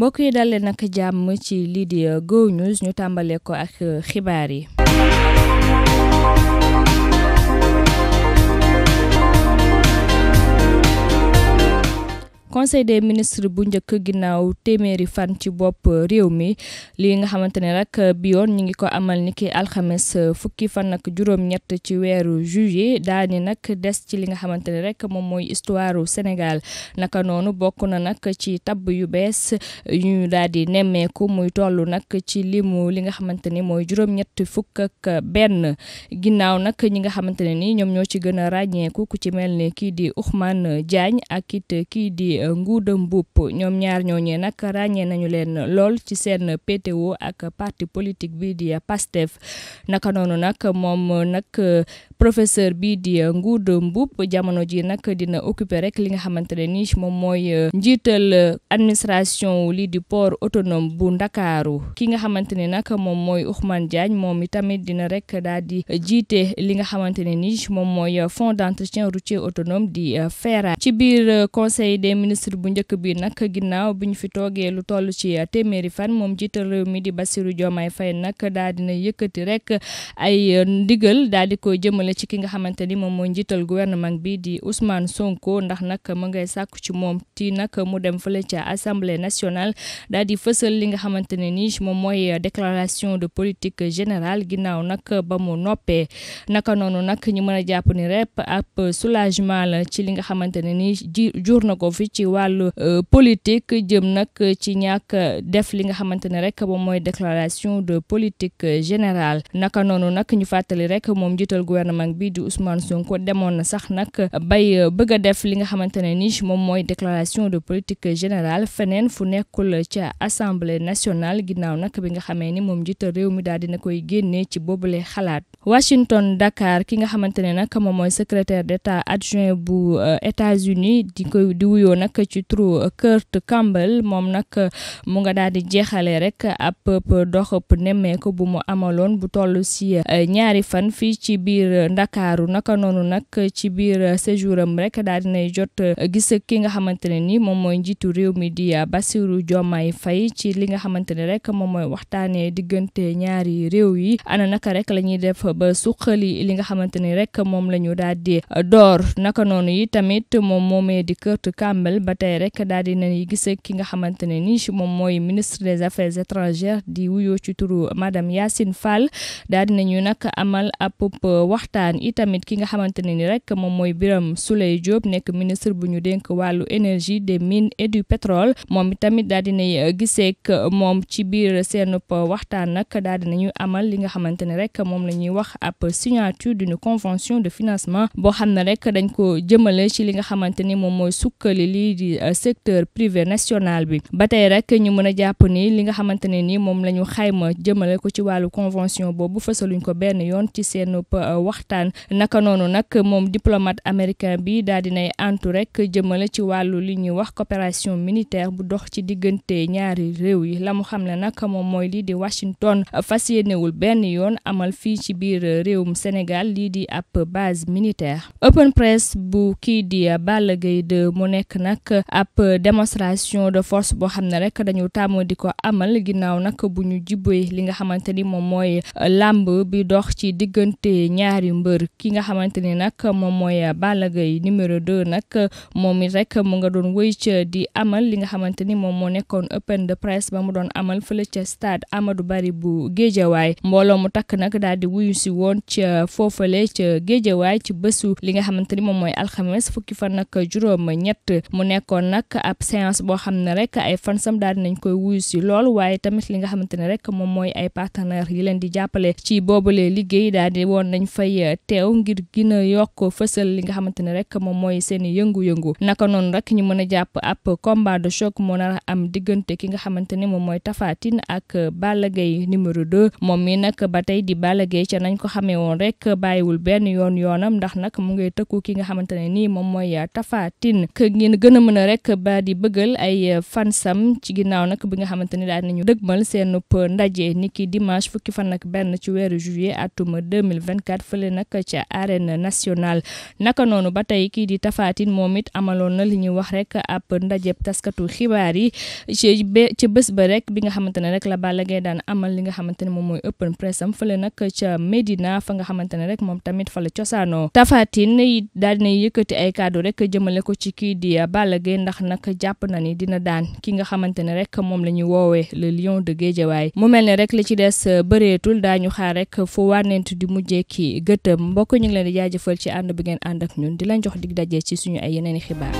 mbokk yi dal nak jàmm ci lii di uh, Go News ñu tàmbalee ko ak uh, xibaar yi. conseil des ministres bu njëkk ginnaaw téeméeri fan ci bopp réew mi lii nga xamante ne rek bi ñu ngi ko amal ni ki alxames fukki fan ak juróom-ñett ci weeru juillet daani nag des ci li nga xamante ne rek moom mooy histoire Sénégal naka noonu bokk na nag ci tab yu bees ñu daal di nemmeeku muy toll nag ci limu li nga xamante ni mooy juróom-ñett fukk ak benn ginnaaw nag ñi nga xamante ne ni ñoom ñoo ci gën a ràññeeku ku ci mel ni kii di Ousmane Diagne ak it kii Nguuda Mbuup ñoom ñaar ñooñee nag ràññee nañu leen lool ci seen PTO ak parti politique bii di PASTEF naka noonu nag moom nag professeur bii di Nguuda Mbuup jamono ji nag dina occuper rek li nga xamante ne ni moom mooy njiital administration lii di port autonome bu Ndakaaru ki nga xamante ne nag moom mooy Ousmane Diagne moom itamit dina rek daal di jiite li nga xamante ne ni moom mooy fonds d'entretien routier autonome di FERA ci biir conseil ministre bu njëkk bi nag ginnaaw bi ñu fi toogee lu toll ci téeméeri fan moom jiital réew mi di Bassirou Diomaye Faye nag daal dina yëkkati rek ay ndigal daal di ko jëmale ci ki nga xamante ni moom mooy njiital gouvernement bi di Ousmane Sonko ndax nag ma ngay sàkku ci moom ti nag mu dem fële ca assemblée national daal di fësal li nga xamante ne ni moom mooy déclaration de politique général ginnaaw nag ba mu noppee naka noonu nag ñu mën a jàpp ni rep ab soulagement la ci li nga xamante ni jur na ko fi. ci wàllu euh, politique jëm nag ci ñàkk def li nga xamante ne rek moom mooy déclaration de politique général naka noonu nag ñu fàttali rek moom njiital gouvernement bi di Ousmane Sonko demoon na sax nag bay euh, bëgg def li nga xamante ne ni moom mooy déclaration de politique général feneen fu nekkul ca assemble national ginnaaw nag bi nga xamee ni moom jital réew mi daal dina koy génnee ci boobule xalaat Washington Dakar ki nga xamante ne nag moom mooy secrétaire d'État adjoint bu euh, états nag ci turu Kurt Campbell moom nag mu nga daal di jeexale rek ab doxab nemmeeku bu mu amaloon bu toll si eh, ñaari fan fii ci biir Ndakaaru naka noonu nag ci biir séjouram rek daal dinay jot eh, gis ki nga xamante ne ni moom mooy njiitu réew mi di Bassirou Diomaye fay ci li nga xamante ne rek moom mooy waxtaanee diggante ñaari réew yi ana naka rek la ñuy def ba suqali li nga xamante ni rek moom la ñu door naka noonu yi tamit moom moomee di Kurt Campbell Sénégal ba tey rek daal di nañuy gis ki nga xamante ne ni moom ministre des affaires étrangères di wuyoo ci turu madame Yacine Fall daal di nañu nag amal ab itamit ki nga xamante ne ni rek moom mooy Birame Souleye Diop nekk ministre bu ñu dénk wàllu energi des mines et du pétrole moom itamit daal di nay giseek moom ci biir seen waxtaan nag daal di nañu amal li nga xamante ne rek moom la ñuy wax ab signature d'une convention de financement boo xam ne rek lii di euh, secteur privé national bi ba tey rek ñu mën a jàpp ni li nga xamante ne ni moom la ñu xayma jëmale ko ci wàllu convention boobu fësaluñ ko benn yoon ci seen euh, waxtaan naka noonu nag moom diplomate américain bi daal nay antu rek jëmale ci wàllu li ñuy wax coopération militaire bu dox ci diggante ñaari réew yi la mu xam ne nag moom mooy lii di Washington fas yéenewul benn yoon amal fii ci biir réewum Sénégal lii di ab base militaire open press bu nekk nag nag ab démonstration de force boo xam ne rek dañu tàmm di ko amal ginnaaw nag bu ñu jibbee li nga xamante ni moom mooy làmb bi dox ci diggante ñaari mbër ki nga xamante ni nag moom mooy Balla Gaye numéro 2 nag moom it rek mu nga doon wëy ca di amal li nga xamante ni moom moo nekkoon open de presse ba mu doon amal fële ca stade Amadou Barry bu Géejawaay mbooloo mu takk nag daal di wuyu si woon ca foofale ca Géejawaay ci bésu li nga xamante ni moom mooy alxames fukki fan nag juróom ñett mu nekkoon nag ab séance boo xam ne rek ay fansam daal di nañ koy wuyu si lool waaye tamit li nga xamante ne rek moom mooy ay partenaires yi leen di jàppale ci boobule liggéey daal woon nañ fay eh, teew ngir gën a yokk fësal li nga xamante ne rek moom mooy seen yëngu-yëngu naka noonu rek ñu mën a jàpp ab combat de choc moo nar am diggante ki nga xamante ne moom mooy tafaatin ak Balla Gaye numéro 2 moom mi nag ba tey di Balla Gaye ca nañ ko xamee woon rek bàyyiwul benn yoon yoonam ndax nag mu ngay tëkku ki nga xamante ne nii moom mooy Tapha Tine gën a rek ba di bëggal ay euh, fansam ci ginnaaw nag bi nga xamante ni daal nañu dëgmal seen euh, ndaje niki dimanche fukki fan ak benn ci weeru juillet atum 2024 fële nag ca arène nationale naka noonu ba tey kii di tafaatin moom it amaloon na li ñuy wax rek ab ndaje taskatu xibaar yi ci ci bés ba rek bi nga xamante ne rek la Balla Gaye daan amal li nga xamante ne moom mooy open press am fële nag ca Medina fa nga xamante ne rek moom tamit fa la cosaanoo tafaatin daal di yëkkati ay kàddu rek jëmale ko ci kii di euh, Balla Gaye ndax nag jàpp na ni dina daan ki nga xamante ne rek moom la ñu woowee le lion de Guédiawaye mu mel ne rek li ci des euh, bëreetul ñu xaar rek fu wànnent di mujjee ki gëtëm mbokk ñu leen di jaajëfal ci ànd bi ngeen ànd ak ñun di leen jox dig daje ci suñu ay yeneeni xibaar